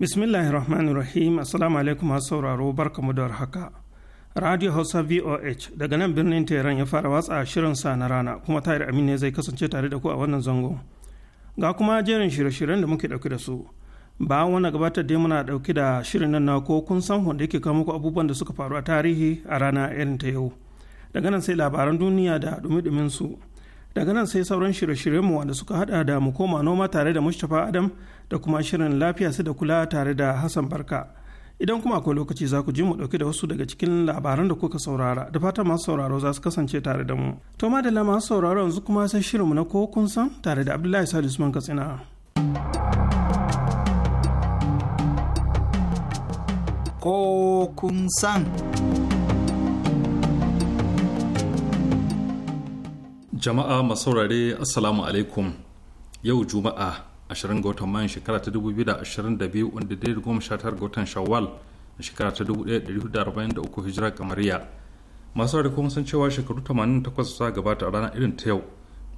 bismillahi rahmanir rahim assalamu alaikum masu sauraro mu da haka radio hausa voh daga nan birnin tehran ya fara watsa shirin sa na rana kuma tayar amin ne zai kasance tare da ku a wannan zango ga kuma jerin shirye-shiryen da muke dauke da su ba wani gabatar dai muna dauke da shirin nan na ko kun san wanda yake kawo muku abubuwan da suka faru a tarihi a rana irin ta yau daga nan sai labaran duniya da dumi-dumin su daga nan sai sauran shirye-shiryenmu wanda suka hada da mu koma noma tare da mustapha adam da kuma shirin lafiya su da kula tare da hassan barka idan kuma akwai lokaci za ku ji mu dauke da wasu daga cikin labaran da kuka saurara da fatan masu sauraro za su kasance tare da mu to da masu sauraro yanzu kuma sai shirinmu na ko san tare da abdullahi salisu usman katsina ko san jama'a masaurare assalamu alaikum yau juma'a 20 ga watan shekara ta 2022 wanda dai goma sha ga watan shawwal a shekara ta 1443 hijira kamariya masu rari kuma sun cewa shekaru 88 su gabata a ranar irin ta yau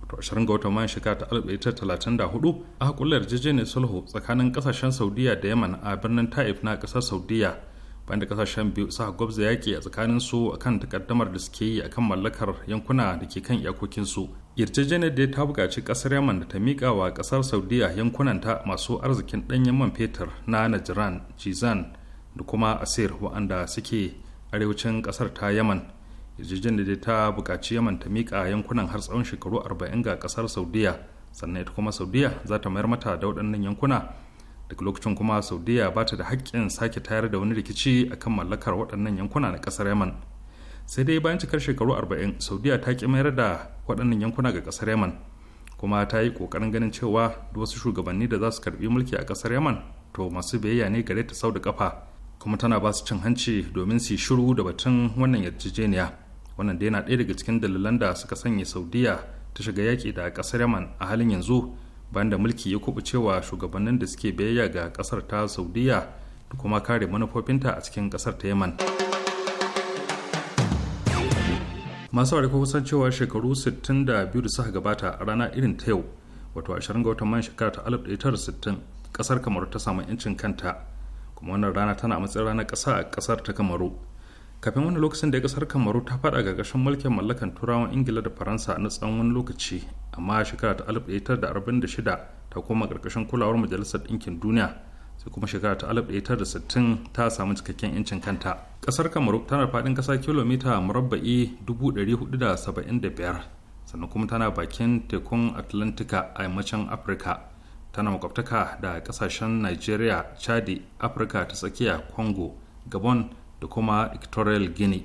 wato 20 ga watan shekara ta 1934 aka kulla yarjejeniyar sulhu tsakanin kasashen saudiya da yaman a birnin ta'if na kasar saudiya bayan da kasashen biyu sa gwabza yaƙi a tsakanin su akan takaddamar da suke yi akan mallakar yankuna da ke kan iyakokin su yarjejeniyar da ta buƙaci ƙasar yaman da ta miƙa wa ƙasar saudiya yankunanta masu arzikin ɗanyen man fetur na najiran jizan da kuma asir waɗanda suke arewacin ƙasar ta yaman yarjejeniyar da ta buƙaci yaman ta miƙa yankunan har tsawon shekaru arba'in ga ƙasar saudiya sannan ita kuma saudiya za ta mayar mata da waɗannan yankuna daga lokacin kuma saudiya ba ta da haƙƙin sake tayar da wani rikici a kan mallakar waɗannan yankuna na ƙasar yaman sai dai bayan cikar shekaru 40 saudiya ta ƙi mayar da waɗannan yankuna ga ƙasar yaman kuma ta yi ƙoƙarin ganin cewa wasu shugabanni da za su karɓi mulki a ƙasar yaman to masu biyayya ne gare ta sau da ƙafa kuma tana ba su cin hanci domin su yi shiru da batun wannan yarjejeniya wannan da yana ɗaya daga cikin dalilan da suka sanya saudiya ta shiga yaƙi da ƙasar yaman a halin yanzu bayan da mulki ya cewa shugabannin da suke biyayya ga ƙasar ta saudiya da kuma kare manufofinta a cikin kasar ta yaman masu ko kusan cewa shekaru 62 da suka gabata a rana irin ta yau wato 20 ga watan man shekara ta 1960 kasar kamaru ta samu 'yancin kanta kuma wannan rana tana matsayin ranar ƙasa a kasar ta kamaru kafin wani lokacin da ya kasar kamaru ta fada ƙarƙashin mulkin mallakan turawan ingila da faransa na tsawon wani lokaci amma a shekara ta 1946 ta koma karkashin kulawar majalisar ɗinkin duniya sai kuma shekara ta 1960 ta samu cikakken 'yancin kanta kasar kamaru tana faɗin ƙasa kilomita murabba'i 475 sannan kuma tana bakin tekun atlantika a yammacin afirka tana makwabtaka da kasashen nigeria chadi afirka ta tsakiya congo gabon da kuma equatorial guinea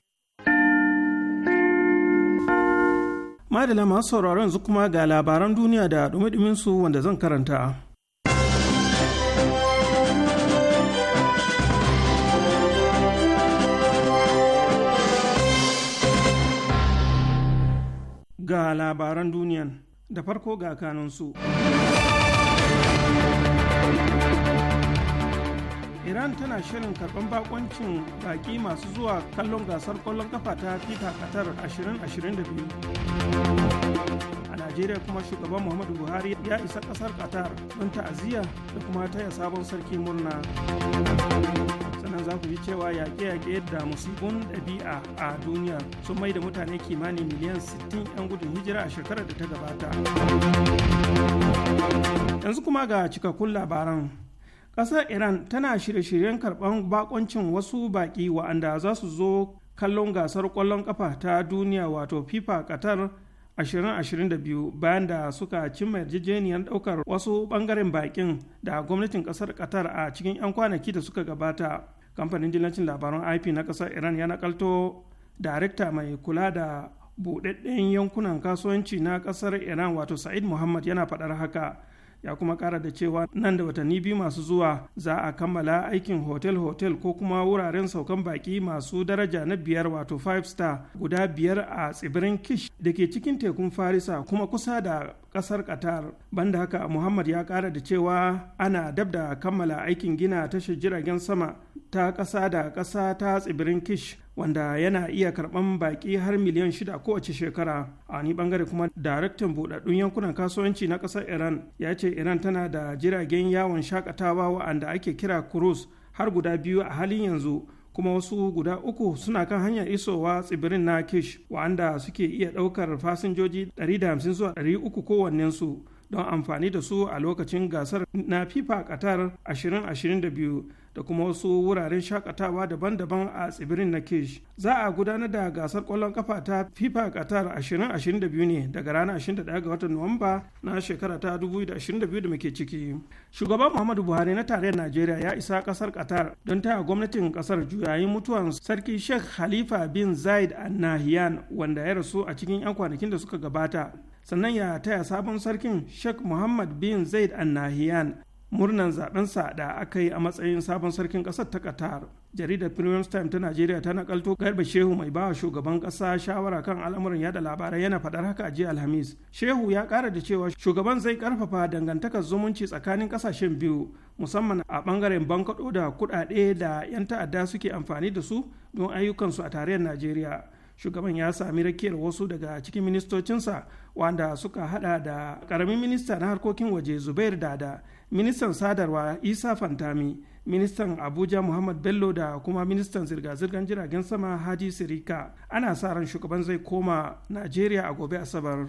madala masu sauraron yanzu kuma ga labaran duniya da dumi su wanda zan karanta ga labaran duniyan da farko ga kanunsu iran tana shirin karban bakoncin baƙi masu zuwa kallon gasar kwallon kafa ta fifa qatar 2022 a najeriya kuma shugaban muhammadu buhari ya isa ƙasar qatar don ta'aziyya da kuma taya sabon sarki murna sannan za ku ji cewa yaƙe-yaƙe da musibin ɗabi'a a duniya sun mai da mutane kimanin miliyan 60 'yan gudun hijira a shekarar da ta gabata yanzu kuma ga cikakkun labaran ƙasar iran tana shirye-shiryen karɓar bakoncin wasu baƙi wa'anda za su zo kallon gasar ƙwallon ƙafa ta duniya wato fifa qatar 2022 bayan da suka cimma yarjejeniyar ɗaukar wasu ɓangaren baƙin da gwamnatin ƙasar qatar a cikin 'yan kwanaki da suka gabata kamfanin dillancin labaran ip na kasar iran ya nakalto darekta mai kula da buɗaɗɗen yankunan kasuwanci na ƙasar iran wato sa'id muhammad yana faɗar haka ya kuma kara da cewa nan da watanni biyu masu zuwa za a kammala aikin hotel-hotel ko kuma wuraren saukan baki masu daraja na biyar wato 5 star guda biyar a tsibirin kish da ke cikin tekun farisa kuma kusa da kasar qatar banda haka muhammad ya kara da cewa ana dab da kammala aikin gina tashar jiragen sama ta ƙasa da ƙasa ta tsibirin kish wanda yana iya karban baki har miliyan shida kowace shekara a wani bangare kuma daraktan buɗaɗɗun yankunan kasuwanci na ƙasar iran ya ce iran tana da jiragen yawon shakatawa wa'anda ake kira cruise har guda biyu a halin yanzu kuma wasu guda uku suna kan hanyar isowa tsibirin na kish wa'anda suke iya ɗaukar fasinjoji 150 zuwa 300 kowannensu don amfani da su a lokacin gasar na fifa qatar 2022 da kuma wasu wuraren shakatawa daban-daban a tsibirin na kish za a gudanar da gasar kwallon kafa ta fifa katar 2022 ne daga ranar 21 ga watan nuwamba na shekara ta 2022 da muke ciki shugaban muhammadu buhari na tarayyar najeriya ya isa kasar qatar don taya gwamnatin kasar juyayin mutuwan sarki sheikh khalifa bin zaid an nahiyan wanda ya rasu a cikin 'yan kwanakin da suka gabata sannan ya taya sabon sarkin sheikh muhammad bin zaid an nahiyan murnan sa da aka yi a matsayin sabon sarkin ƙasar ta qatar jaridar premium time ta najeriya ta nakalto garba shehu mai bawa shugaban ƙasa shawara kan al'amuran yada labarai yana faɗar haka a jiya alhamis shehu ya ƙara da cewa shugaban zai ƙarfafa dangantakar zumunci tsakanin ƙasashen biyu musamman a bangaren bankaɗo da kuɗaɗe da 'yan ta'adda suke amfani da su don ayyukansu a tarayyar najeriya shugaban ya sami rakiyar wasu daga cikin ministocinsa wanda suka hada da karamin minista na harkokin waje zubair dada ministan sadarwa isa fantami ministan abuja muhammad bello da kuma ministan zirga-zirgar jiragen sama haji sirika ana sa ran shugaban zai koma najeriya a gobe asabar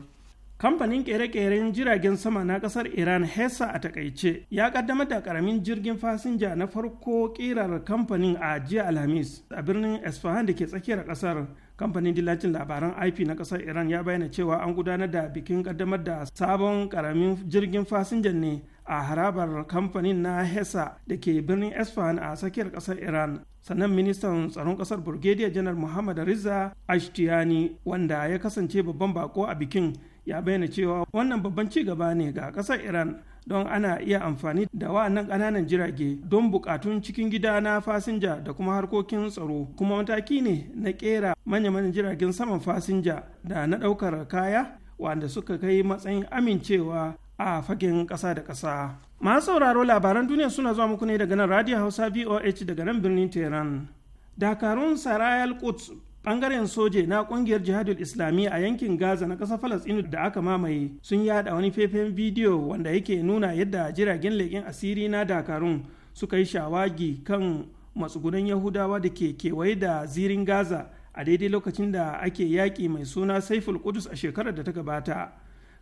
kamfanin kere-keren jiragen sama na kasar iran hesa a takaice ya kaddamar da karamin jirgin fasinja na farko kirar kamfanin a jiya alhamis a birnin isfahan da ke tsakiyar kasar kamfanin dillacin labaran ip na kasar iran ya bayyana cewa an gudanar da bikin kaddamar da sabon karamin jirgin fasinjan ne a harabar kamfanin na hesa da ke birnin esfahan a tsakiyar kasar iran sannan ministan tsaron kasar burgediya janar muhammad riza ashtiyani wanda ya kasance babban bako a bikin ya bayyana cewa wannan babban ci gaba ne ga kasar iran don ana iya amfani da wa'annan ƙananan jirage don buƙatun cikin gida na fasinja da kuma harkokin tsaro kuma mataki ne na ƙera manya-manyan jiragen saman fasinja da na ɗaukar kaya wanda suka kai matsayin amincewa a fagen ƙasa da ƙasa. Masu sauraro labaran duniya suna zuwa muku ne daga nan Radio Hausa VOH daga nan birnin Tehran. Dakarun Sarayal Quds bangaren soje na kungiyar jihadul islami a yankin gaza na ƙasar falastinu da aka mamaye sun yada wani fefen bidiyo wanda yake nuna yadda jiragen leƙen asiri na dakarun suka yi shawagi kan matsugunan yahudawa da ke kewaye da zirin gaza a daidai lokacin da ake yaƙi mai suna saiful kudus a shekarar da ta gabata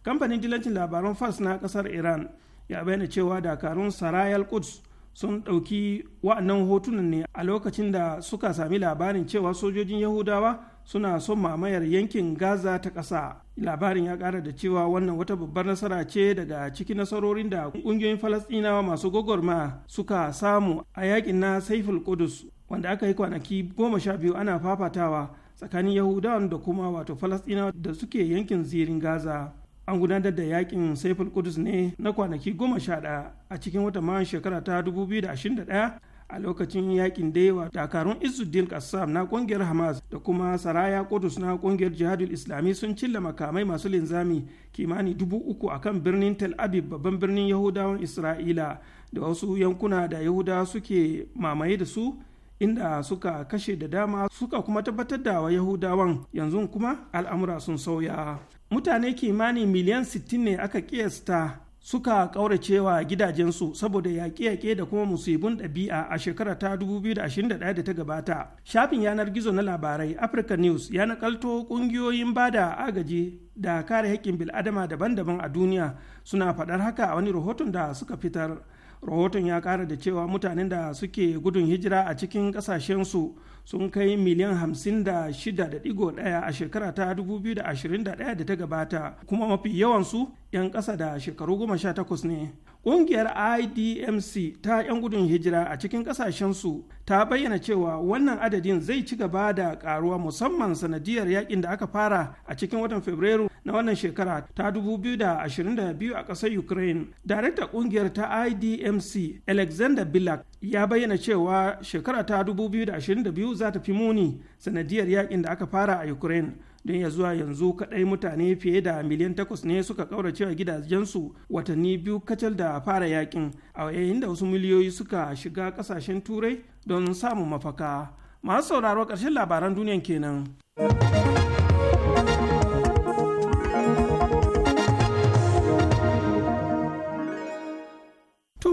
kamfanin dilancin labaran fars na ƙasar iran ya bayyana cewa dakarun sarayal quds sun ɗauki wa'annan hotunan ne a lokacin da suka sami labarin cewa sojojin yahudawa suna son mamayar yankin gaza ta ƙasa labarin ya ƙara da cewa wannan wata babbar nasara ce daga cikin nasarorin da ƙungiyoyin falasɗinawa masu gogorma suka samu a yakin na saiful kudus wanda aka yi kwanaki goma sha biyu ana fafatawa tsakanin yahudawan da kuma wato falasɗinawa da suke yankin zirin gaza an gudanar da yakin saiful kudus ne na kwanaki goma sha ɗaya a cikin wata ma shekara ta dubu biyu da da ashirin daya a lokacin yakin yawa. dakarun izuddin kassam na kungiyar hamas da kuma saraya kudus na kungiyar jihadul islami sun cilla makamai masu linzami kimani dubu uku a kan birnin tel abib babban birnin yahudawan isra'ila da wasu yankuna da yahudawa suke mamaye da su inda suka kashe da dama suka kuma tabbatar da wa yahudawan yanzu kuma al'amura sun sauya mutane kimanin miliyan 60 ne aka kiyasta suka kauracewa gidajensu saboda yaƙe-yaƙe da kuma musibin ɗabi'a a shekara ta 2021 da ta gabata. Shafin yanar gizo na labarai Africa News ya nakalto ƙungiyoyin bada agaji da kare haƙƙin bil'adama daban-daban a duniya suna faɗar haka a wani rahoton da suka fitar. Rahoton ya ƙara da cewa mutanen da suke gudun hijira a cikin ƙasashensu sun kai miliyan 56.1 a shekara ta 2021 da ta gabata kuma mafi yawansu 'yan ƙasa da shekaru 18 ne ƙungiyar idmc ta 'yan gudun hijira a cikin ƙasashensu ta bayyana cewa wannan adadin zai ci gaba da ƙaruwa musamman sanadiyar yakin da aka fara a cikin watan fabrairu na wannan shekara ta 2022 a ƙasar ukraine Darekta ƙungiyar ta idmc alexander bilak ya bayyana cewa shekara ta 2022 janyu za ta fi muni sanadiyar yakin da aka fara a ukraine don ya zuwa yanzu kadai mutane fiye da miliyan takwas ne suka kauracewa gidajensu watanni biyu kacal da fara yakin a yayin da wasu miliyoyi suka shiga kasashen turai don samun mafaka masu sauraro karshen labaran duniyan kenan.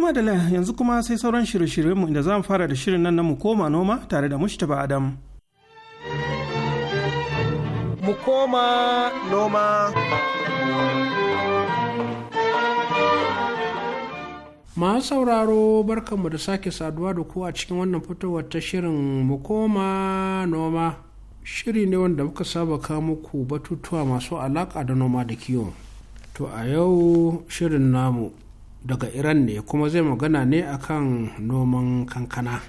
madala yanzu kuma sai sauran shirye-shiryenmu inda za mu fara da shirin nan na mu koma noma tare da mushtaba adam mu noma masu sauraro barkanmu da sake saduwa da ku a cikin wannan fitowar ta shirin mu noma shiri ne wanda muka saba ka muku batutuwa masu alaƙa da noma da kiwo to a yau shirin namu daga iran ne kuma zai magana ne akan noman kankana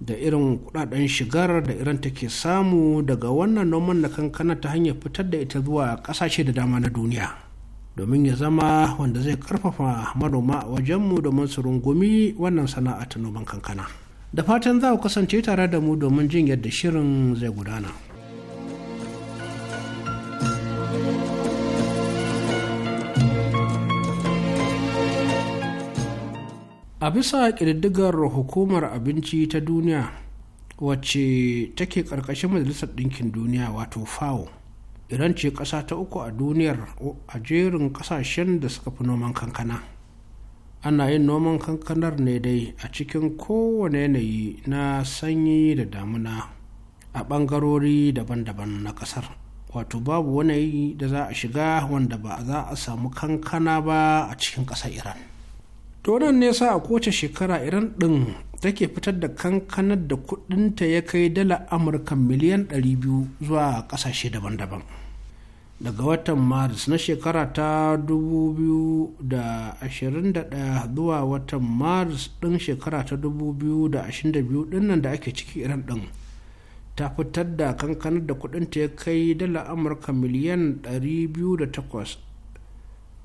da irin kudaden shigar da iran take samu daga wannan noman na kankana ta hanyar fitar da ita zuwa kasashe da dama na duniya domin ya zama wanda zai karfafa manoma a wajenmu domin su rungumi wannan sana'a ta noman kankana da fatan za ku kasance tare da mu domin jin yadda shirin zai gudana. a bisa ƙididdigar hukumar abinci ta duniya wacce take ƙarƙashin majalisar ɗinkin duniya wato fao iran ce ƙasa ta uku a duniyar a jerin ƙasashen da suka fi noman kankana ana yin noman kankanar ne dai a cikin kowane yanayi na sanyi da damuna a ɓangarori daban-daban na ƙasar wato babu wani da za a shiga wanda ba za a samu kankana ba a cikin ƙasar iran Doron ne sa a kowace shekara Iran ɗin take fitar da kankanar da kudinta ya kai dala Amurka miliyan 200 zuwa kasashe daban-daban. Daga watan Maris na shekara ta 2021 zuwa watan Maris ɗin shekara ta 2022 ɗinnan da ake ciki Iran ɗin. ta fitar da kankanar da kudinta ya kai dala amurka miliyan 208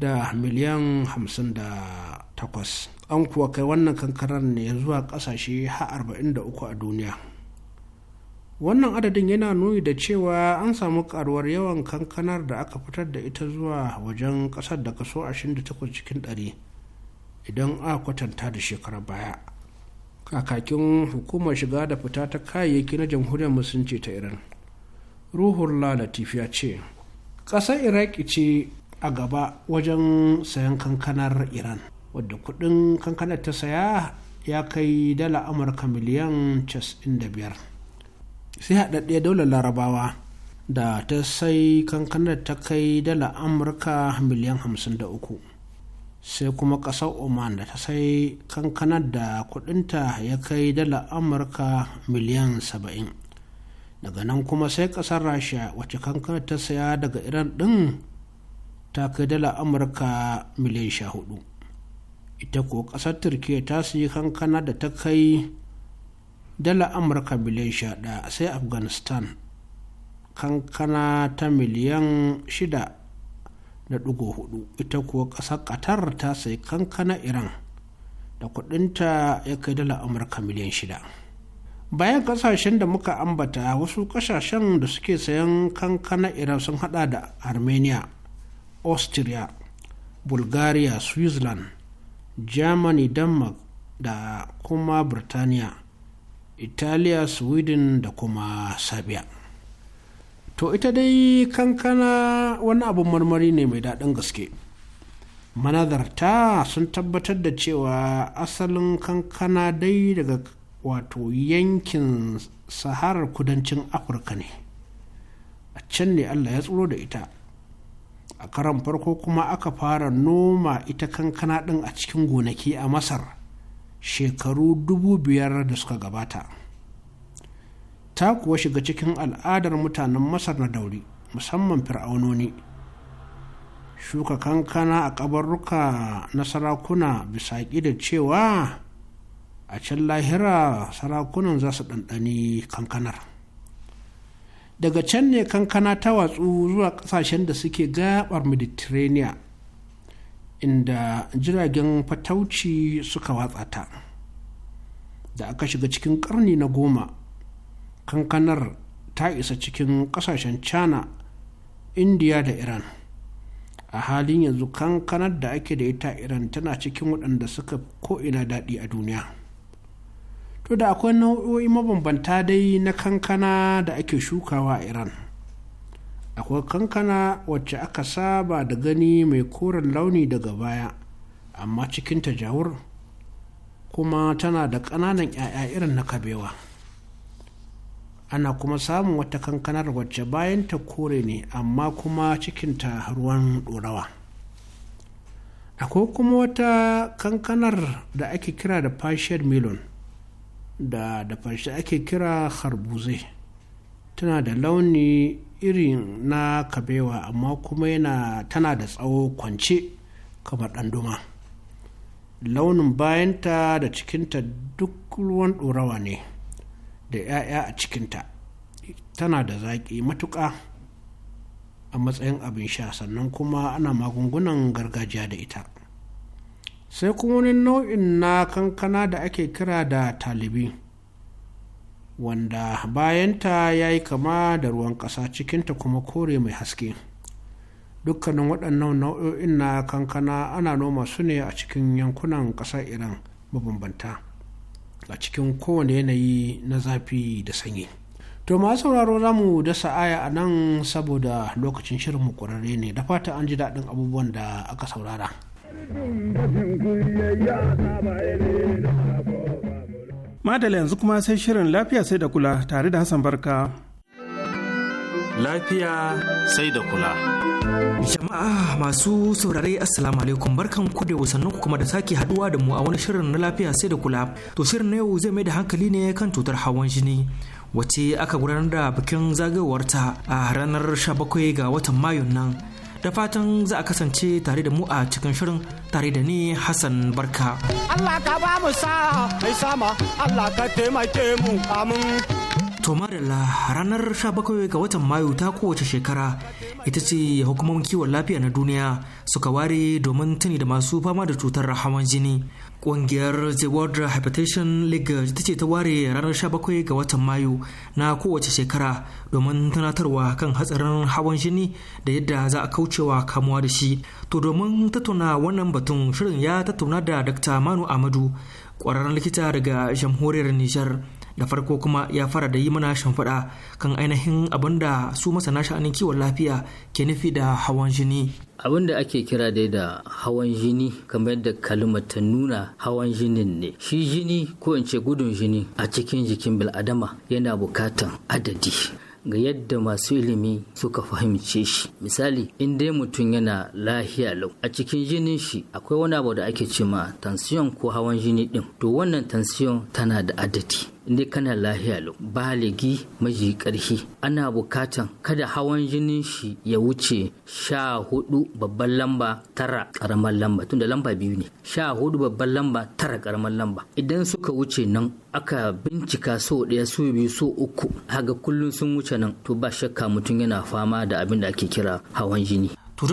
da miliyan 50 takwas an kuwa kai wannan kankarar ne zuwa ƙasashe har 43 a duniya wannan adadin yana nuni da cewa an samu karuwar yawan kankanar da aka fitar da ita zuwa wajen ƙasar da kaso 28 cikin 100 idan a kwatanta da shekarar baya kakakin hukumar shiga da fita ta kayayyaki na jamhuriyar musulunci ta iran ruhun latif ya ce ƙasar iraki ce a gaba wajen sayan kankanar iran wadda kudin kankanar ta saya ya kai dala amurka miliyan 95 sai haɗaɗɗiyar daular larabawa da ta sai kankanar ta kai dala amurka miliyan 53 sai kuma ƙasar oman da ta sai kankanar da kudinta ya kai dala amurka miliyan 70 daga nan kuma sai ƙasar rasha wacce kankanar ta saya daga iran ɗin ta kai dala amurka miliyan 14 ita ko ƙasar turkiya ta sayi kankana da ta kai dala amurka miliyan sha sai afghanistan kankana ta miliyan shida da ɗigo hudu ita ko ƙasar qatar ta sayi kankana iran da kudinta ya kai dala amurka miliyan shida bayan kasashen da muka ambata wasu kasashen da suke sayan kankana iran sun hada da armenia austria bulgaria switzerland germany denmark da kuma birtaniya italiya sweden da kuma serbia to ita dai kankana wani abin marmari ne mai daɗin gaske manazarta sun tabbatar da cewa asalin kankana dai daga wato yankin saharar kudancin afirka ne a can ne allah ya tsoro da ita a karan farko kuma aka fara noma ita kankana ɗin a cikin gonaki a masar shekaru dubu biyar da suka gabata ta kuwa shiga cikin al'adar mutanen masar na dauri musamman fir'aunoni shuka kankana a kabarruka na sarakuna bisa da cewa a can lahira sarakunan za su ɗanɗani kankanar daga can ne kankana ta watsu zuwa kasashen da suke gabar mediterranean inda jiragen fatauci suka watsa ta da aka shiga cikin karni na goma kankanar ta isa cikin kasashen china india da iran a halin yanzu kankanar da ake da ita iran tana cikin waɗanda suka ko'ina daɗi a duniya to da akwai nau'o'i mabambanta dai na kankana da ake shukawa a iran akwai kankana wacce aka saba da gani mai koren launi daga baya amma cikin tajawur kuma tana da ƙananan 'ya'ya irin na kabewa ana kuma samun wata kankanar wacce bayan ta kore ne amma kuma cikin ta ruwan ɗorawa. akwai kuma wata kankanar da ake kira da fashiyar melon da da farshe ake kira harbuze tana da launi irin na kabewa amma kuma yana tana da tsawo kwance kamar ɗanduma launin bayanta da cikinta duk ruwan ɗorawa ne da 'ya'ya a cikinta tana da zaƙi matuƙa a matsayin abin sha sannan kuma ana magungunan gargajiya da ita sai kuma wani nau'in na kankana da ake kira da talibi wanda bayanta ya yi kama da ruwan ƙasa cikinta kuma kore mai haske dukkanin waɗannan nau'o'in na kankana ana noma su ne a cikin yankunan ƙasar iran mabambanta a cikin kowane yanayi na zafi da sanyi to masu sauraro za mu dasa aya a nan saboda lokacin shirin mu ƙwararre ne da fata an ji daɗin abubuwan da aka saurara. Madala yanzu kuma sai shirin lafiya sai da kula tare da Hassan Barka. Lafiya sai da kula. Jama'a masu saurare Assalamu alaikum barkan ku da wasannin ku kuma da sake haduwa da mu a wani shirin na lafiya sai da kula. To shirin na yau zai mai da hankali ne kan cutar hawan jini. Wace aka gudanar da bikin zagayowarta a ranar 17 ga watan Mayun nan. da fatan za a kasance tare da mu a cikin shirin tare da ni Hassan Barka. Allah ka ba mu sa mai sama Allah ka taimake mu amin. To madalla ranar 17 ga watan Mayu ta kowace shekara ita ce hukumomin kiwon lafiya na duniya suka ware domin tuni da masu fama da cutar hawan jini. Ƙungiyar The World Hypertension League ita ce ta ware ranar 17 ga watan Mayu na kowace shekara domin tunatarwa kan hatsarin hawan jini da yadda za a kaucewa kamuwa da shi. To domin tattauna wannan batun shirin ya tattauna da Dr. Manu Amadu, kwararren likita daga jamhuriyar Nijar. da farko kuma ya fara da yi mana shimfiɗa kan ainihin abin da su masana sha'anin kiwon lafiya ke nufi da hawan jini abin da ake kira dai da hawan jini kamar yadda kalmar ta nuna hawan jinin ne shi jini ko in ce gudun jini a cikin jikin bil'adama yana bukatan adadi ga yadda masu ilimi suka fahimce shi misali in dai mutum yana lahiya lau a cikin jinin shi akwai wani abu da ake ce ma tansiyon ko hawan jini din to wannan tansiyon tana da adadi inda kana lahiya ba baligi maji ƙarfi ana bukatan kada hawan jinin shi ya wuce sha hudu babban lamba tara karamar lamba tunda lamba biyu ne sha hudu babban lamba tara karamar lamba idan suka wuce nan aka bincika so ɗaya su biyu so uku haga kullum sun wuce nan to ba shakka mutum yana fama da abin da ake kira hawan jini To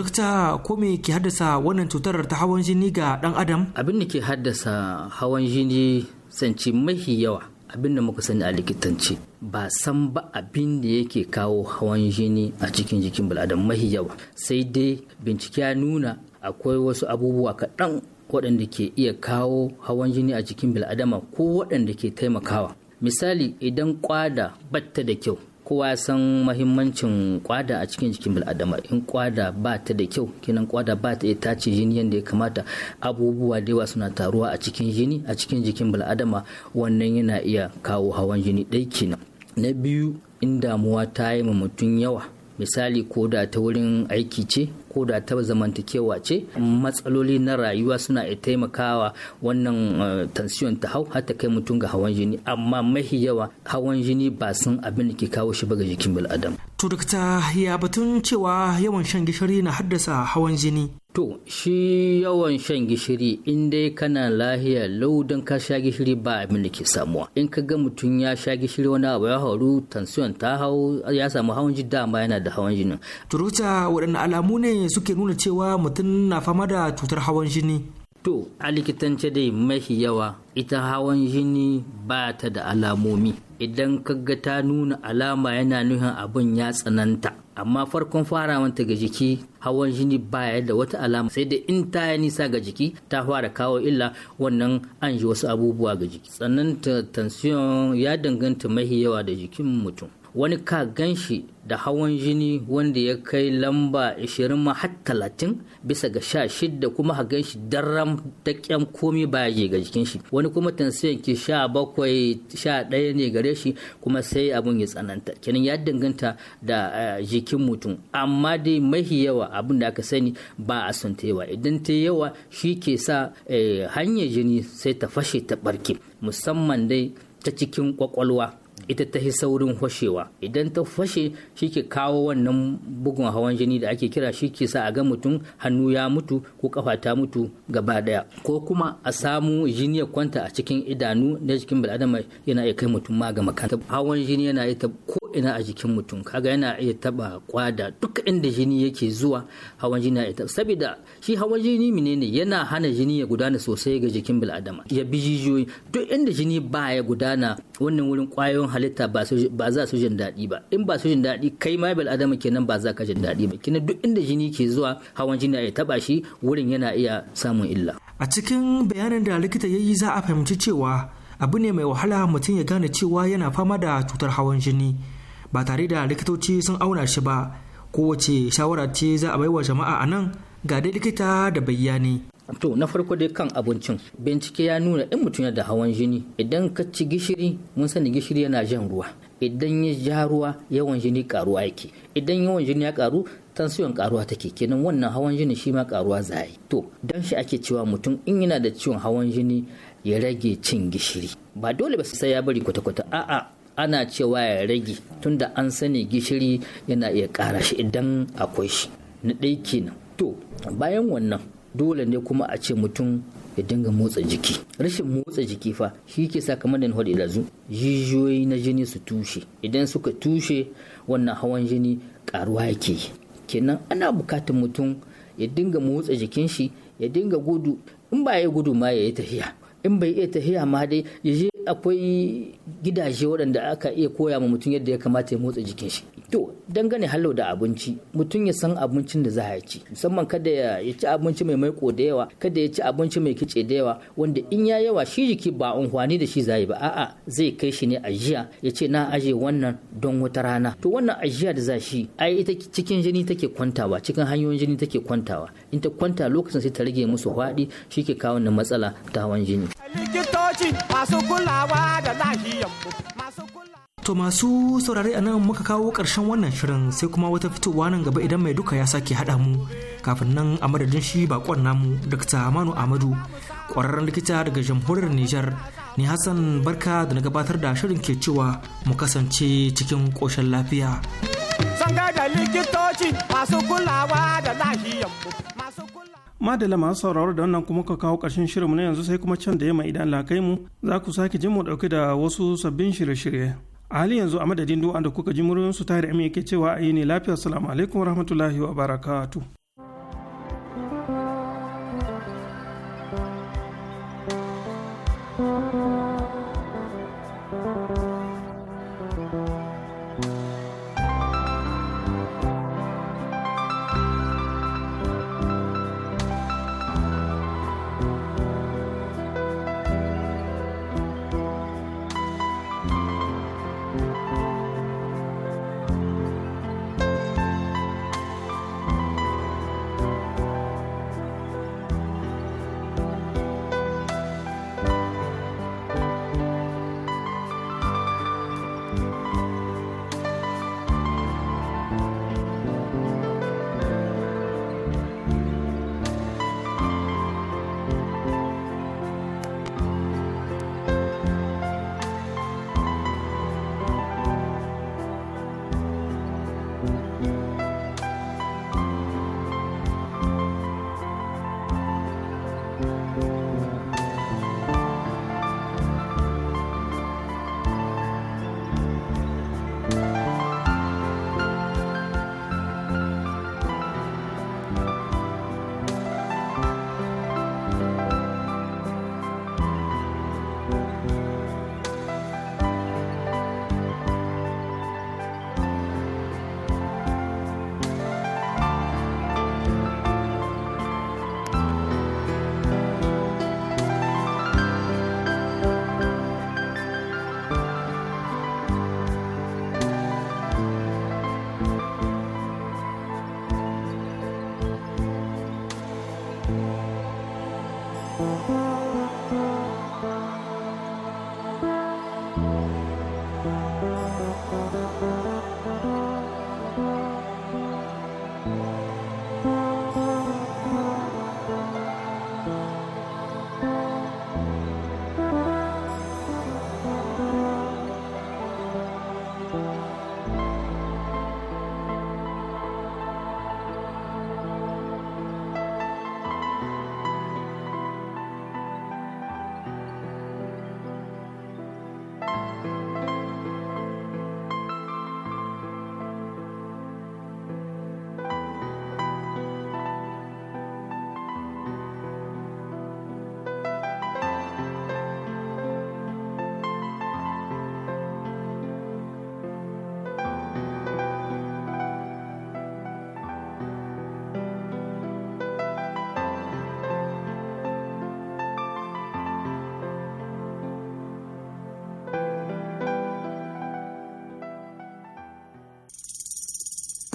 ko me ke haddasa wannan cutar ta hawan jini ga dan adam? Abin da ke haddasa hawan jini sanci mahi yawa abin da muka sani a likitance ba san ba abin da yake kawo hawan jini a cikin jikin bal'adam mahi yawa sai dai bincike ya nuna akwai wasu abubuwa kaɗan waɗanda ke iya kawo hawan jini a jikin bil'adama ko waɗanda ke taimakawa misali idan kwada batta da kyau kowa ya san mahimmancin kwada a cikin jikin bil'adama in kwada ba ta da kyau kinan kwada ba ta tace jini yadda ya kamata abubuwa da yawa suna taruwa a cikin jini a cikin jikin bil'adama wannan yana iya kawo hawan jini ɗai kenan na biyu in damuwa ta yi ma mutum yawa misali ko da ta wurin aiki ce ko da ta zamantakewa ce matsaloli na rayuwa suna iya taimakawa wannan eh, tansiyon ta hau har ta kai mutum ga hawan jini amma mahi yawa hawan jini ba sun abin da ke kawo shi ba ga jikin bil'adam. to ya batun cewa yawan shan gishiri na haddasa hawan jini To, shi yawan shan gishiri in dai kana lahiya laudan ka sha gishiri ba abin da ke samuwa. In ka ga mutum ya sha gishiri wani abu ya hauru, tansiyon ta hau, ya samu hawan jini dama yana da hawan jini. Turuta waɗanne alamu ne suke nuna cewa mutum na fama da cutar hawan jini? To, a likitance dai mafi yawa ita hawan jini ba ta da alamomi. Idan ka ga ta nuna alama yana nuhin abin ya tsananta. amma farkon farawanta ga jiki hawan jini baya da wata alama sai da in ta yi nisa ga jiki ta fara kawo illa wannan an ji wasu abubuwa ga jiki sannan tansiyon ya danganta mahi yawa da jikin mutum wani ka gan shi da hawan jini wanda ya kai lamba 20 ma har 30 bisa ga 16 kuma ha gan shi daram da kyan komi baya je ga jikin shi wani kuma tansiyan ki 17 11 ne gare shi kuma sai abun ya tsananta kenan ya danganta da eh, jikin mutum amma dai mahi yawa abun da aka sani ba a son ta yawa idan ta yawa shi ke sa eh, hanyar jini sai ta fashe ta barke musamman dai ta cikin kwakwalwa ita ta saurin fashewa idan ta fashe shi ke kawo wannan bugun hawan jini da ake kira shi ke sa a ga mutum hannu ya mutu ko kafa ta mutu gaba daya ko kuma a samu jini ya kwanta a cikin idanu na jikin bil'adama yana iya kai mutum ma ga makanta hawan jini yana ita ina a jikin mutum kaga yana iya taba kwada duk inda jini yake zuwa hawan jini ya taba saboda shi hawan jini menene yana hana jini ya gudana sosai ga jikin bil'adama ya bi jijiyoyi duk inda jini ba ya gudana wannan wurin kwayoyin halitta ba za su jin daɗi ba in ba su jin daɗi kai ma bil'adama kenan ba za ka jin daɗi ba kina duk inda jini ke zuwa hawan jini ya taba shi wurin yana iya samun illa a cikin bayanin da likita ya yi za a fahimci cewa abu ne mai wahala mutum ya gane cewa yana fama da cutar hawan jini ba tare da likitoci sun auna shi ba kowace shawara ce za a baiwa jama'a a nan ga dai likita da bayani to na farko dai kan abincin bincike ya nuna in mutum yana da hawan jini idan ka ci gishiri mun sani gishiri yana jan ruwa idan ya ja ruwa yawan jini karuwa yake idan yawan jini ya karu tansiyon karuwa take kenan wannan hawan jini shi ma karuwa za to dan shi ake cewa mutum in yana da ciwon hawan jini ya rage cin gishiri ba dole ba sai ya bari kwata-kwata a'a ana cewa ya rage tunda an sani gishiri yana iya ƙara shi idan akwai shi na ɗai kenan to bayan wannan dole ne kuma a ce mutum ya dinga motsa jiki rashin motsa jiki fa shi ke sa kamar da na faɗi ɗazu jijiyoyi na jini su tushe idan suka tushe wannan hawan jini karuwa yake kenan ana bukatar mutum ya dinga motsa jikin shi ya dinga gudu in ba ya gudu ma ya yi tahiya in bai iya tahiya ma dai ya je akwai gidaje waɗanda aka iya koya ma mutum yadda ya kamata ya motsa jikin shi to dangane hallo da abinci mutum ya san abincin da za a ci musamman kada ya ci abinci mai maiko da yawa kada ya ci abinci mai kice da yawa wanda in ya yawa shi jiki ba unhwani da shi zai ba a'a zai kai shi ne ajiya ya ce na aje wannan don wata rana to wannan ajiya da za shi ai ita cikin jini take kwantawa cikin hanyoyin jini take kwantawa in ta kwanta lokacin sai ta rage musu faɗi shi ke kawo matsala ta hawan jini. likita kulawa da To masu saurare a nan muka kawo ƙarshen wannan shirin sai kuma wata fitowa nan gaba idan mai duka ya sake haɗa mu kafin nan a madadin shi bakon namu Dr. Manu Amadu ƙwararren likita daga jamhuriyar Nijar ni Hassan barka da na gabatar da shirin ke cewa mu kasance cikin ƙoshin lafiya. Sanga likitoci masu kulawa da masu madala masu sauraro da wannan kuma ka kawo ƙarshen shirinmu na yanzu sai kuma can da yamma idan lakai mu za ku sake jin mu ɗauki da wasu sabbin shirye-shirye a hali yanzu a madadin duk da kuka ji muryoyin su tare amin yake cewa a yi ne lafiya assalamu alaikum rahmatullahi wa barakatu.